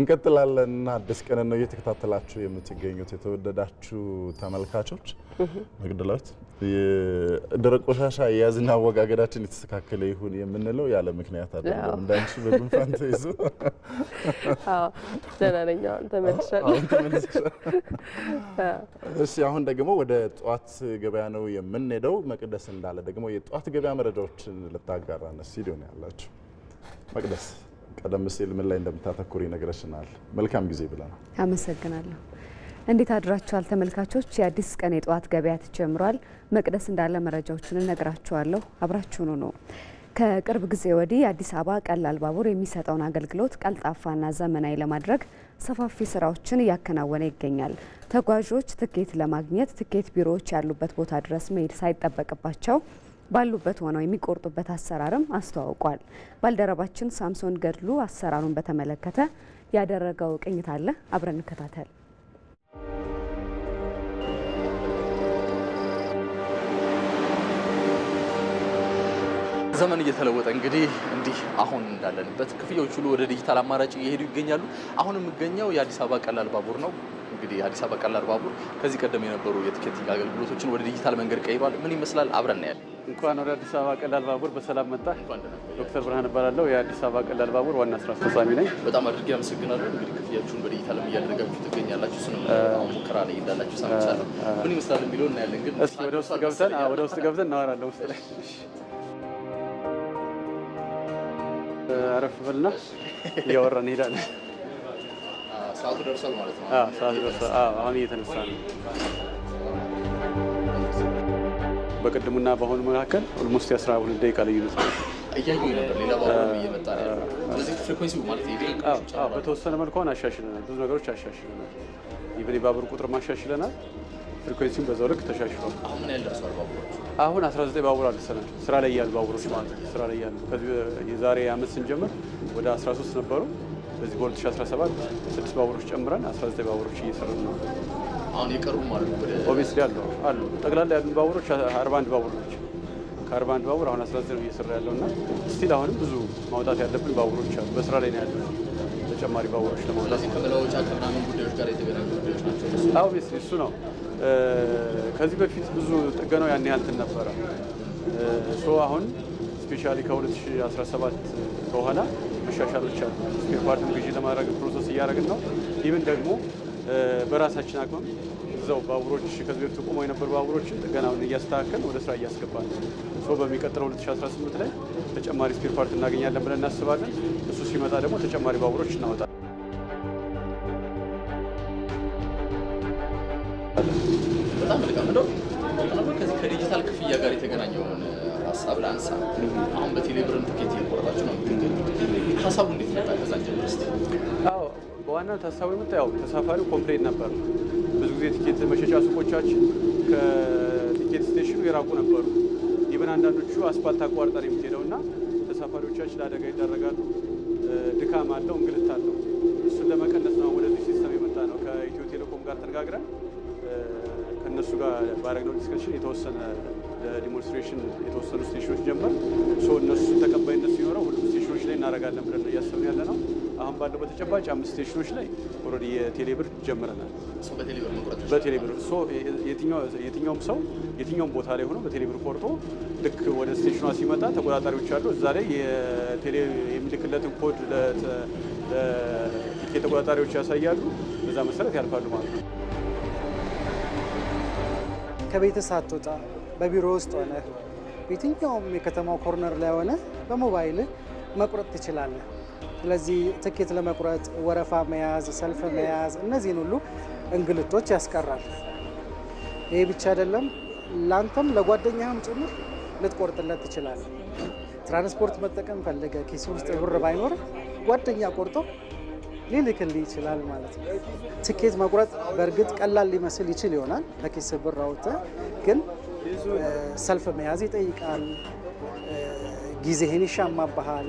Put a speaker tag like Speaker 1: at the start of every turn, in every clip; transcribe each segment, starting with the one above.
Speaker 1: እንቀጥላለን እና አዲስ ቀንን ነው እየተከታተላችሁ የምትገኙት የተወደዳችሁ ተመልካቾች። መግደላዊት ደረቅ ቆሻሻ የያዝና አወጋገዳችን የተስተካከለ ይሁን የምንለው ያለ ምክንያት አይደለም። እንዳንቺ በጉንፋን ተይዞ
Speaker 2: ደህና ነኝ። አሁን
Speaker 1: ተመልሻለሁ። እሺ፣ አሁን ደግሞ ወደ ጠዋት ገበያ ነው የምንሄደው። መቅደስ እንዳለ ደግሞ የጠዋት ገበያ መረጃዎችን ልታጋራነ ስቱዲዮ ነው ያላችሁ መቅደስ ቀደም ሲል ምን ላይ እንደምታተኩሪ ነግረሽናል። መልካም ጊዜ ብለናል።
Speaker 2: አመሰግናለሁ። እንዴት አድራችኋል ተመልካቾች? የአዲስ ቀን የጠዋት ገበያ ተጀምሯል። መቅደስ እንዳለ መረጃዎችን እነግራችኋለሁ። አብራችሁኑ ነው። ከቅርብ ጊዜ ወዲህ አዲስ አበባ ቀላል ባቡር የሚሰጠውን አገልግሎት ቀልጣፋና ዘመናዊ ለማድረግ ሰፋፊ ስራዎችን እያከናወነ ይገኛል። ተጓዦች ትኬት ለማግኘት ትኬት ቢሮዎች ያሉበት ቦታ ድረስ መሄድ ሳይጠበቅባቸው ባሉበት ሆነው የሚቆርጡበት አሰራርም አስተዋውቋል። ባልደረባችን ሳምሶን ገድሉ አሰራሩን በተመለከተ ያደረገው ቅኝት አለ። አብረን እንከታተል።
Speaker 3: ዘመን እየተለወጠ እንግዲህ እንዲህ አሁን እንዳለንበት ክፍያዎች ሁሉ ወደ ዲጂታል አማራጭ እየሄዱ ይገኛሉ። አሁን የምገኘው የአዲስ አበባ ቀላል ባቡር ነው። እንግዲህ የአዲስ አበባ ቀላል ባቡር ከዚህ ቀደም የነበሩ የትኬት አገልግሎቶችን ወደ ዲጂታል መንገድ ቀይሯል። ምን ይመስላል? አብረን እናያለን።
Speaker 4: እንኳን ወደ አዲስ አበባ ቀላል ባቡር በሰላም መጣ። ዶክተር ብርሃን እባላለሁ የአዲስ አበባ ቀላል ባቡር ዋና ስራ አስፈጻሚ ነኝ።
Speaker 3: በጣም አድርጌ አመሰግናለሁ። እንግዲህ ክፍያችሁን በዲጂታልም እያደረጋችሁ ትገኛላችሁ። ስ ሙከራ ላይ እንዳላችሁ ሰምቻለሁ። ምን ይመስላል የሚለው እናያለን። ግን
Speaker 4: ወደ ውስጥ ገብተን ወደ ውስጥ ገብተን እናወራለን ውስጥ ላይ አረፍ ብልና እያወራን እንሄዳለን።
Speaker 3: ሰዓቱ ደርሷል ማለት ነው።
Speaker 4: ሰዓቱ ደርሷል። አሁን እየተነሳ ነው። በቅድሙና በአሁኑ መካከል ኦልሞስት የአስራ ሁለት ደቂቃ ልዩነት ነው። በተወሰነ መልኩ አሻሽለናል። ብዙ ነገሮች አሻሽለናል። ኢቨን የባቡር ቁጥር ማሻሽለናል። ፍሪኩዌንሲም በዛው ልክ ተሻሽሏል። አሁን 19 ባቡር አድርሰናል። ስራ ላይ ያሉ ባቡሮች ማለት ስራ ላይ ያሉ ከዚህ የዛሬ አመት ስንጀምር ወደ 13 ነበሩ። በዚህ በ2017 ስድስት ባቡሮች ጨምረን 19 ባቡሮች እየሰራን ነው።
Speaker 3: አሁን የቀሩ ማለት ነው።
Speaker 4: ኦብቪስሊ አሉ ጠቅላላ ያሉ ባቡሮች አርባ አንድ ባቡሮች ከአርባ አንድ ባቡር አሁን አስራ ዘጠኝ እየሰራ ያለው እና ስቲል አሁንም ብዙ ማውጣት ያለብን ባቡሮች አሉ። በስራ ላይ ነው ያሉ ተጨማሪ ባቡሮች ለማውጣት
Speaker 3: ጉዳዮች ጋር
Speaker 4: ናቸው። እሱ ነው። ከዚህ በፊት ብዙ ጥገናው ያን ያህል እንትን ነበረ። ሶ አሁን ስፔሻሊ ከ2017 በኋላ መሻሻሎች አሉ። ስፔር ፓርትም ግዢ ለማድረግ ፕሮሰስ እያደረግን ነው። ኢቭን ደግሞ በራሳችን አቅም እዛው ባቡሮች ከዚህ በፊት ቆመው የነበሩ ባቡሮችን ጥገናውን እያስተካከል ወደ ስራ እያስገባ ነው። በሚቀጥለው 2018 ላይ ተጨማሪ ስፔር ፓርት እናገኛለን ብለን እናስባለን። እሱ ሲመጣ ደግሞ ተጨማሪ ባቡሮች እናወጣል።
Speaker 3: በጣም መልካም ነው። ከዚህ ከዲጂታል ክፍያ ጋር የተገናኘውን ሀሳብ ለአንሳ አሁን በቴሌብርን ትኬት እየቆረጣችሁ ነው። ሀሳቡ እንዴት ነበር? ከዛ ጀምር እስኪ
Speaker 4: ዋና ታሳቢ ያው ተሳፋሪው ኮምፕሌን ነበር። ብዙ ጊዜ ቲኬት መሸጫ ሱቆቻችን ከቲኬት ስቴሽኑ የራቁ ነበሩ። ይብን አንዳንዶቹ አስፋልት አቋርጠን የምትሄደው እና ተሳፋሪዎቻችን ለአደጋ ይዳረጋሉ። ድካም አለው፣ እንግልት አለው። እሱን ለመቀነስ ነው ወደዚህ ሲስተም የመጣ ነው። ከኢትዮ ቴሌኮም ጋር ተነጋግረን ከእነሱ ጋር ባረግነው ዲስከሽን የተወሰነ ዲሞንስትሬሽን የተወሰኑ ስቴሽኖች ጀምበር እነሱ ተቀባይነት ሲኖረው ሁሉም ስቴሽኖች ላይ እናደርጋለን ብለን እያሰብን ያለ ነው። አሁን ባለው በተጨባጭ አምስት ስቴሽኖች ላይ ኦልሬዲ የቴሌብር ጀምረናል። በቴሌብር የትኛውም ሰው የትኛውም ቦታ ላይ ሆኖ በቴሌብር ቆርጦ ልክ ወደ ስቴሽኗ ሲመጣ ተቆጣጣሪዎች አሉ። እዛ ላይ የሚልክለትን ኮድ ለትኬት ተቆጣጣሪዎች ያሳያሉ። በዛ መሰረት ያልፋሉ ማለት ነው።
Speaker 5: ከቤት ሳትወጣ በቢሮ ውስጥ ሆነ በየትኛውም የከተማው ኮርነር ላይ ሆነ በሞባይል መቁረጥ ትችላለህ። ስለዚህ ትኬት ለመቁረጥ ወረፋ መያዝ፣ ሰልፍ መያዝ እነዚህን ሁሉ እንግልቶች ያስቀራል። ይሄ ብቻ አይደለም፣ ለአንተም ለጓደኛህም ጭምር ልትቆርጥለት ትችላል። ትራንስፖርት መጠቀም ፈለገ ኪስ ውስጥ ብር ባይኖር ጓደኛ ቆርጦ ሊልክልህ ይችላል ማለት ነው። ትኬት መቁረጥ በእርግጥ ቀላል ሊመስል ይችል ይሆናል ከኪስ ብር አውጥተህ፣ ግን ሰልፍ መያዝ ይጠይቃል፣ ጊዜህን ይሻማብሃል።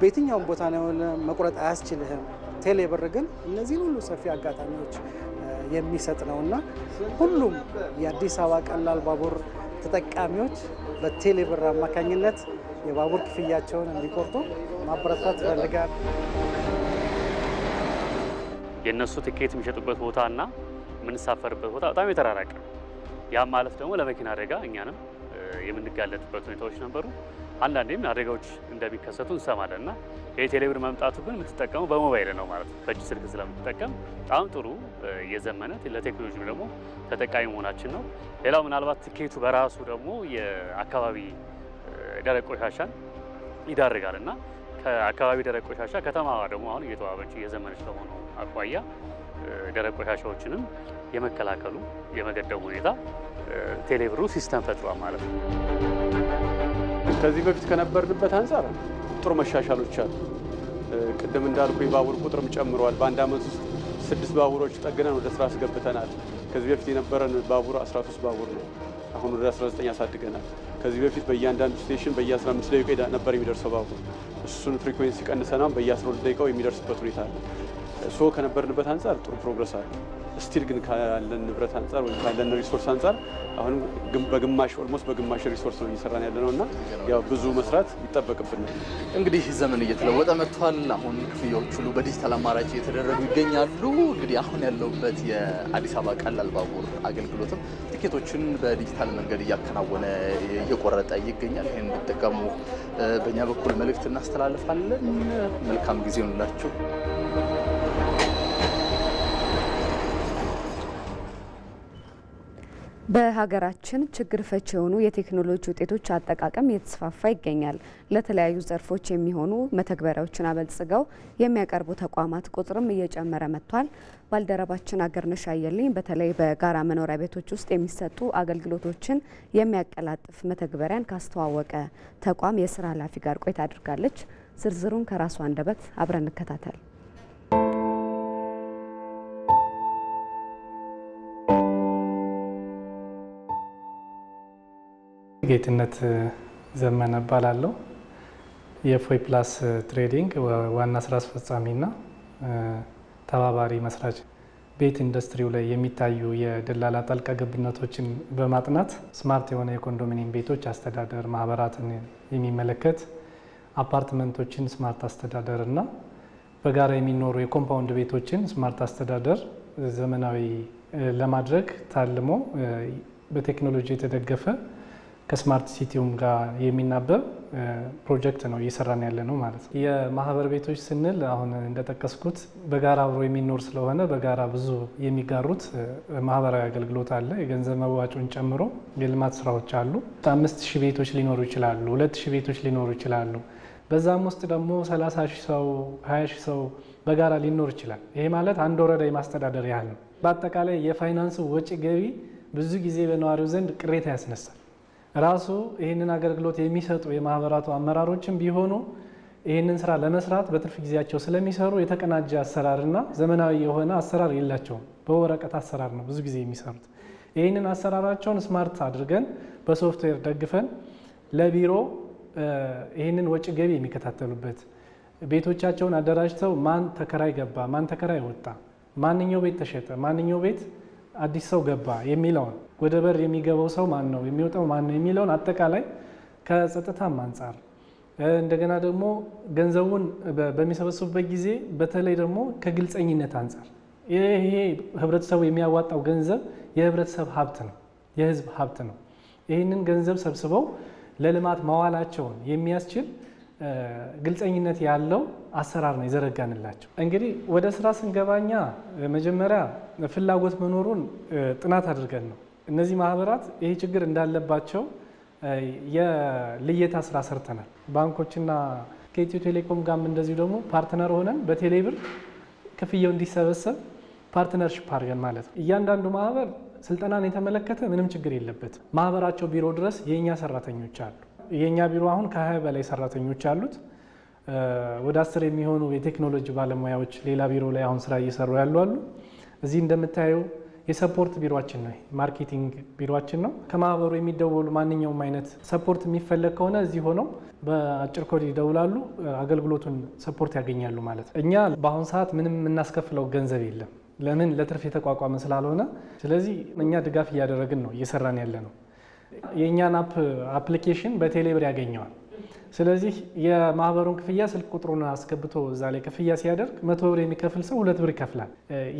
Speaker 5: በየትኛውም ቦታ ሆነ መቁረጥ አያስችልህም። ቴሌብር ግን እነዚህን ሁሉ ሰፊ አጋጣሚዎች የሚሰጥ ነው እና ሁሉም የአዲስ አበባ ቀላል ባቡር ተጠቃሚዎች በቴሌብር አማካኝነት የባቡር ክፍያቸውን እንዲቆርጡ ማበረታት ይፈልጋል።
Speaker 6: የእነሱ ትኬት የሚሸጡበት ቦታና የምንሳፈርበት ቦታ በጣም የተራራቀ፣ ያም ማለፍ ደግሞ ለመኪና አደጋ እኛንም የምንጋለጥበት ሁኔታዎች ነበሩ። አንዳንዴም አደጋዎች እንደሚከሰቱ እንሰማለን እና የቴሌብር መምጣቱ ግን የምትጠቀመው በሞባይል ነው ማለት ነው። በእጅ ስልክ ስለምትጠቀም በጣም ጥሩ የዘመነ ለቴክኖሎጂ ደግሞ ተጠቃሚ መሆናችን ነው። ሌላው ምናልባት ትኬቱ በራሱ ደግሞ የአካባቢ ደረቅ ቆሻሻን ይዳርጋል እና ከአካባቢ ደረቅ ቆሻሻ ከተማ ደግሞ አሁን እየተዋበች የዘመነች ከሆነ አኳያ ደረቅ ቆሻሻዎችንም የመከላከሉ የመገደቡ ሁኔታ ቴሌብሩ ሲስተም ፈጥሯል ማለት ነው።
Speaker 4: ከዚህ በፊት ከነበርንበት አንጻር ጥሩ መሻሻሎች አሉ። ቅድም እንዳልኩ የባቡር ቁጥርም ጨምሯል። በአንድ ዓመት ውስጥ ስድስት ባቡሮች ጠግነን ወደ ስራ አስገብተናል። ከዚህ በፊት የነበረን ባቡር 13 ባቡር ነው። አሁን ወደ 19 አሳድገናል። ከዚህ በፊት በእያንዳንዱ ስቴሽን በየ15 ደቂቃ ነበር የሚደርሰው ባቡር። እሱን ፍሪኩዌንሲ ቀንሰናም በየ12 ደቂቃው የሚደርስበት ሁኔታ አለ። ሶ ከነበርንበት አንጻር ጥሩ ፕሮግረስ አለ። ስቲል ግን ካለን ንብረት አንጻር ወይም ካለን ሪሶርስ አንጻር አሁንም በግማሽ ኦልሞስት በግማሽ ሪሶርስ ነው እየሰራን ያለ ነው እና ያው ብዙ መስራት ይጠበቅብናል።
Speaker 3: እንግዲህ ዘመን እየተለወጠ መጥቷል። አሁን ክፍያዎች ሁሉ በዲጂታል አማራጭ እየተደረጉ ይገኛሉ። እንግዲህ አሁን ያለውበት የአዲስ አበባ ቀላል ባቡር አገልግሎትም ትኬቶችን በዲጂታል መንገድ እያከናወነ እየቆረጠ ይገኛል። ይህን እንዲጠቀሙ በእኛ በኩል መልእክት እናስተላልፋለን። መልካም ጊዜ ይሁንላችሁ።
Speaker 2: በሀገራችን ችግር ፈች የሆኑ የቴክኖሎጂ ውጤቶች አጠቃቀም እየተስፋፋ ይገኛል። ለተለያዩ ዘርፎች የሚሆኑ መተግበሪያዎችን አበልጽገው የሚያቀርቡ ተቋማት ቁጥርም እየጨመረ መጥቷል። ባልደረባችን አገርነሽ አየልኝ በተለይ በጋራ መኖሪያ ቤቶች ውስጥ የሚሰጡ አገልግሎቶችን የሚያቀላጥፍ መተግበሪያን ካስተዋወቀ ተቋም የስራ ኃላፊ ጋር ቆይታ አድርጋለች። ዝርዝሩን ከራሱ አንደበት አብረን እንከታተል።
Speaker 7: ጌትነት ዘመነ እባላለሁ። የፎይ ፕላስ ትሬዲንግ ዋና ስራ አስፈጻሚና ተባባሪ መስራች። ቤት ኢንዱስትሪው ላይ የሚታዩ የደላላ ጣልቃ ገብነቶችን በማጥናት ስማርት የሆነ የኮንዶሚኒየም ቤቶች አስተዳደር ማህበራትን የሚመለከት አፓርትመንቶችን ስማርት አስተዳደር እና በጋራ የሚኖሩ የኮምፓውንድ ቤቶችን ስማርት አስተዳደር ዘመናዊ ለማድረግ ታልሞ በቴክኖሎጂ የተደገፈ ከስማርት ሲቲውም ጋር የሚናበብ ፕሮጀክት ነው እየሰራን ያለ ነው ማለት ነው። የማህበር ቤቶች ስንል አሁን እንደጠቀስኩት በጋራ አብሮ የሚኖር ስለሆነ በጋራ ብዙ የሚጋሩት ማህበራዊ አገልግሎት አለ። የገንዘብ መዋጮን ጨምሮ የልማት ስራዎች አሉ። አምስት ሺህ ቤቶች ሊኖሩ ይችላሉ። ሁለት ሺህ ቤቶች ሊኖሩ ይችላሉ። በዛም ውስጥ ደግሞ ሰላሳ ሺህ ሰው፣ ሀያ ሺህ ሰው በጋራ ሊኖር ይችላል። ይሄ ማለት አንድ ወረዳ የማስተዳደር ያህል ነው። በአጠቃላይ የፋይናንሱ ወጪ ገቢ ብዙ ጊዜ በነዋሪው ዘንድ ቅሬታ ያስነሳል። ራሱ ይህንን አገልግሎት የሚሰጡ የማህበራቱ አመራሮችም ቢሆኑ ይህንን ስራ ለመስራት በትርፍ ጊዜያቸው ስለሚሰሩ የተቀናጀ አሰራርና ዘመናዊ የሆነ አሰራር የላቸውም። በወረቀት አሰራር ነው ብዙ ጊዜ የሚሰሩት። ይህንን አሰራራቸውን ስማርት አድርገን በሶፍትዌር ደግፈን ለቢሮ ይህንን ወጪ ገቢ የሚከታተሉበት ቤቶቻቸውን አደራጅተው ማን ተከራይ ገባ፣ ማን ተከራይ ወጣ፣ ማንኛው ቤት ተሸጠ፣ ማንኛው ቤት አዲስ ሰው ገባ የሚለውን ወደ በር የሚገባው ሰው ማን ነው፣ የሚወጣው ማን ነው የሚለውን አጠቃላይ ከጸጥታም አንጻር እንደገና ደግሞ ገንዘቡን በሚሰበስቡበት ጊዜ በተለይ ደግሞ ከግልፀኝነት አንጻር ይሄ ህብረተሰቡ የሚያዋጣው ገንዘብ የህብረተሰብ ሀብት ነው፣ የህዝብ ሀብት ነው። ይህንን ገንዘብ ሰብስበው ለልማት ማዋላቸውን የሚያስችል ግልፀኝነት ያለው አሰራር ነው የዘረጋንላቸው። እንግዲህ ወደ ስራ ስንገባኛ መጀመሪያ ፍላጎት መኖሩን ጥናት አድርገን ነው እነዚህ ማህበራት ይሄ ችግር እንዳለባቸው የልየታ ስራ ሰርተናል። ባንኮችና ከኢትዮ ቴሌኮም ጋርም እንደዚሁ ደግሞ ፓርትነር ሆነን በቴሌብር ክፍያው እንዲሰበሰብ ፓርትነርሽፕ አድርገን ማለት ነው። እያንዳንዱ ማህበር ስልጠናን የተመለከተ ምንም ችግር የለበትም። ማህበራቸው ቢሮ ድረስ የእኛ ሰራተኞች አሉ። የእኛ ቢሮ አሁን ከ በላይ ሰራተኞች አሉት። ወደ አስር የሚሆኑ የቴክኖሎጂ ባለሙያዎች ሌላ ቢሮ ላይ አሁን ስራ እየሰሩ ያሉ አሉ። እዚህ እንደምታየው የሰፖርት ቢሮችን ነው፣ ማርኬቲንግ ቢሮችን ነው። ከማህበሩ የሚደወሉ ማንኛውም አይነት ሰፖርት የሚፈለግ ከሆነ እዚህ ሆነው በአጭር ኮድ ይደውላሉ፣ አገልግሎቱን ሰፖርት ያገኛሉ ማለት ነው። እኛ በአሁኑ ሰዓት ምንም የምናስከፍለው ገንዘብ የለም። ለምን ለትርፍ የተቋቋመ ስላልሆነ። ስለዚህ እኛ ድጋፍ እያደረግን ነው፣ እየሰራን ያለ ነው። የእኛን አፕ አፕሊኬሽን በቴሌብር ያገኘዋል። ስለዚህ የማህበሩን ክፍያ ስልክ ቁጥሩን አስገብቶ እዛ ላይ ክፍያ ሲያደርግ መቶ ብር የሚከፍል ሰው ሁለት ብር ይከፍላል።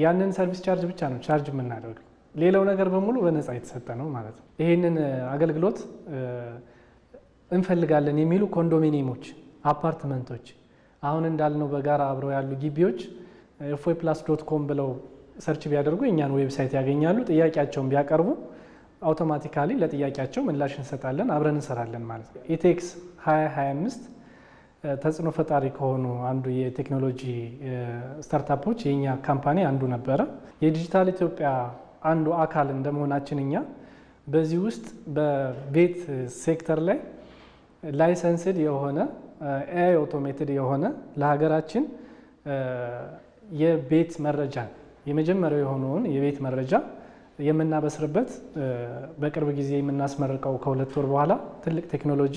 Speaker 7: ያንን ሰርቪስ ቻርጅ ብቻ ነው ቻርጅ የምናደርገው። ሌላው ነገር በሙሉ በነፃ የተሰጠ ነው ማለት ነው። ይህንን አገልግሎት እንፈልጋለን የሚሉ ኮንዶሚኒየሞች፣ አፓርትመንቶች አሁን እንዳልነው በጋራ አብረው ያሉ ግቢዎች እፎይ ፕላስ ዶት ኮም ብለው ሰርች ቢያደርጉ እኛን ዌብሳይት ያገኛሉ። ጥያቄያቸውን ቢያቀርቡ አውቶማቲካሊ ለጥያቄያቸው ምላሽ እንሰጣለን፣ አብረን እንሰራለን ማለት ነው። ኢቴክስ 2025 ተጽዕኖ ፈጣሪ ከሆኑ አንዱ የቴክኖሎጂ ስታርታፖች የኛ ካምፓኒ አንዱ ነበረ። የዲጂታል ኢትዮጵያ አንዱ አካል እንደመሆናችን እኛ በዚህ ውስጥ በቤት ሴክተር ላይ ላይሰንስድ የሆነ ኤአይ ኦቶሜትድ የሆነ ለሀገራችን የቤት መረጃ የመጀመሪያው የሆነውን የቤት መረጃ የምናበስርበት በቅርብ ጊዜ የምናስመርቀው ከሁለት ወር በኋላ ትልቅ ቴክኖሎጂ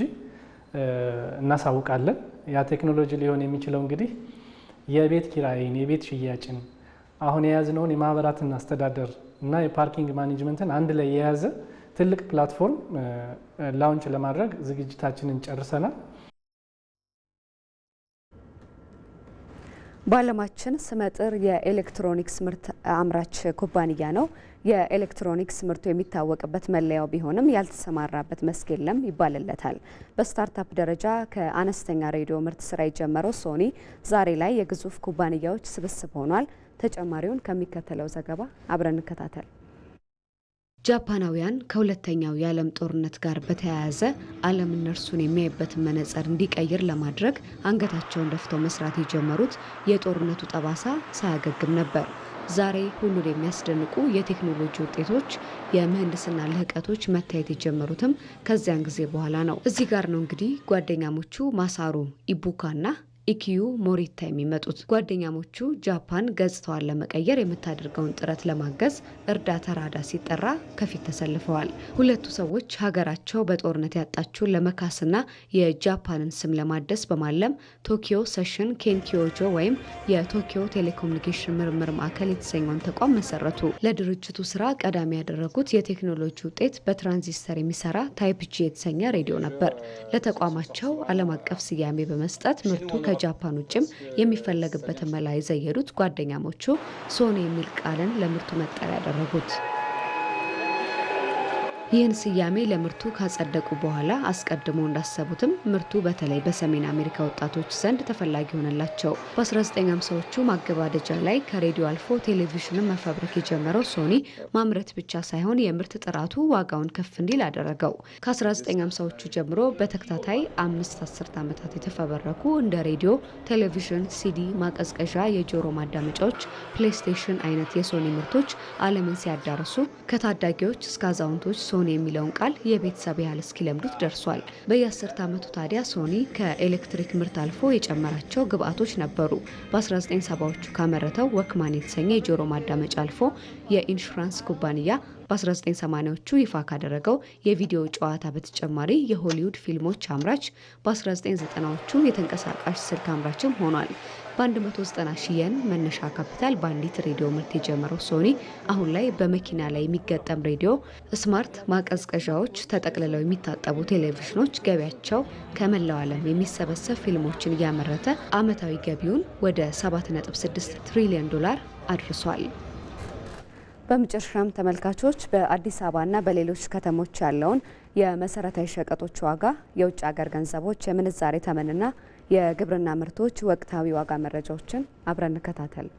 Speaker 7: እናሳውቃለን። ያ ቴክኖሎጂ ሊሆን የሚችለው እንግዲህ የቤት ኪራይን፣ የቤት ሽያጭን፣ አሁን የያዝነውን የማህበራትን አስተዳደር እና የፓርኪንግ ማኔጅመንትን አንድ ላይ የያዘ ትልቅ ፕላትፎርም ላውንች ለማድረግ ዝግጅታችንን ጨርሰናል።
Speaker 2: በዓለማችን ስመጥር የኤሌክትሮኒክስ ምርት አምራች ኩባንያ ነው። የኤሌክትሮኒክስ ምርቱ የሚታወቅበት መለያው ቢሆንም ያልተሰማራበት መስክ የለም ይባልለታል። በስታርታፕ ደረጃ ከአነስተኛ ሬዲዮ ምርት ስራ የጀመረው ሶኒ ዛሬ ላይ የግዙፍ ኩባንያዎች ስብስብ ሆኗል። ተጨማሪውን ከሚከተለው ዘገባ አብረን እንከታተል።
Speaker 8: ጃፓናውያን ከሁለተኛው የዓለም ጦርነት ጋር በተያያዘ ዓለም እነርሱን የሚያይበትን መነጽር እንዲቀይር ለማድረግ አንገታቸውን ደፍተው መስራት የጀመሩት የጦርነቱ ጠባሳ ሳያገግም ነበር። ዛሬ ሁሉን የሚያስደንቁ የቴክኖሎጂ ውጤቶች፣ የምህንድስና ልህቀቶች መታየት የጀመሩትም ከዚያን ጊዜ በኋላ ነው። እዚህ ጋር ነው እንግዲህ ጓደኛሞቹ ማሳሩ ኢቡካና ኢኪዩ ሞሪታ የሚመጡት ጓደኛሞቹ ጃፓን ገጽታዋን ለመቀየር የምታደርገውን ጥረት ለማገዝ እርዳታ ራዳ ሲጠራ ከፊት ተሰልፈዋል። ሁለቱ ሰዎች ሀገራቸው በጦርነት ያጣችውን ለመካስና የጃፓንን ስም ለማደስ በማለም ቶኪዮ ሰሽን ኬንኪዮጆ ወይም የቶኪዮ ቴሌኮሙኒኬሽን ምርምር ማዕከል የተሰኘውን ተቋም መሰረቱ። ለድርጅቱ ስራ ቀዳሚ ያደረጉት የቴክኖሎጂ ውጤት በትራንዚስተር የሚሰራ ታይፕ ጂ የተሰኘ ሬዲዮ ነበር። ለተቋማቸው ዓለም አቀፍ ስያሜ በመስጠት ምርቱ ከጃፓን ውጭም የሚፈለግበትን መላ የዘየዱት ጓደኛሞቹ ሶኒ የሚል ቃልን ለምርቱ መጠሪያ ያደረጉት ይህን ስያሜ ለምርቱ ካጸደቁ በኋላ አስቀድሞ እንዳሰቡትም ምርቱ በተለይ በሰሜን አሜሪካ ወጣቶች ዘንድ ተፈላጊ ሆነላቸው። በ1950ዎቹ ማገባደጃ ላይ ከሬዲዮ አልፎ ቴሌቪዥንን መፈብረክ የጀመረው ሶኒ ማምረት ብቻ ሳይሆን የምርት ጥራቱ ዋጋውን ከፍ እንዲል አደረገው። ከ1950ዎቹ ጀምሮ በተከታታይ አምስት አስርት ዓመታት የተፈበረኩ እንደ ሬዲዮ፣ ቴሌቪዥን፣ ሲዲ፣ ማቀዝቀዣ፣ የጆሮ ማዳመጫዎች፣ ፕሌይስቴሽን አይነት የሶኒ ምርቶች ዓለምን ሲያዳርሱ ከታዳጊዎች እስከ አዛውንቶች እውን የሚለውን ቃል የቤተሰብ ያህል እስኪለምዱት ደርሷል። በየአስርተ ዓመቱ ታዲያ ሶኒ ከኤሌክትሪክ ምርት አልፎ የጨመራቸው ግብአቶች ነበሩ። በ1970ዎቹ ካመረተው ወክማን የተሰኘ የጆሮ ማዳመጫ አልፎ የኢንሹራንስ ኩባንያ በ1980ዎቹ ይፋ ካደረገው የቪዲዮ ጨዋታ በተጨማሪ የሆሊውድ ፊልሞች አምራች፣ 1990 ዎቹ የተንቀሳቃሽ ስልክ አምራችም ሆኗል። በ190 ሺህ የን መነሻ ካፒታል በአንዲት ሬዲዮ ምርት የጀመረው ሶኒ አሁን ላይ በመኪና ላይ የሚገጠም ሬዲዮ፣ ስማርት ማቀዝቀዣዎች፣ ተጠቅልለው የሚታጠቡ ቴሌቪዥኖች፣ ገቢያቸው ከመላው ዓለም የሚሰበሰብ ፊልሞችን እያመረተ ዓመታዊ ገቢውን ወደ 7.6 ትሪሊዮን ዶላር አድርሷል።
Speaker 2: በመጨረሻም ተመልካቾች በአዲስ አበባና በሌሎች ከተሞች ያለውን የመሰረታዊ ሸቀጦች ዋጋ፣ የውጭ ሀገር ገንዘቦች የምንዛሬ ተመንና የግብርና ምርቶች ወቅታዊ ዋጋ መረጃዎችን አብረን እንከታተል።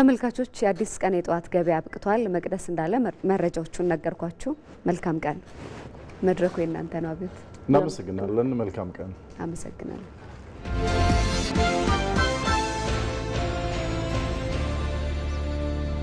Speaker 2: ተመልካቾች የአዲስ ቀን የጠዋት ገበያ አብቅቷል። መቅደስ እንዳለ መረጃዎቹን ነገርኳችሁ። መልካም ቀን። መድረኩ የእናንተ ነው። አቤት፣
Speaker 1: እናመሰግናለን። መልካም ቀን።
Speaker 2: አመሰግናለሁ።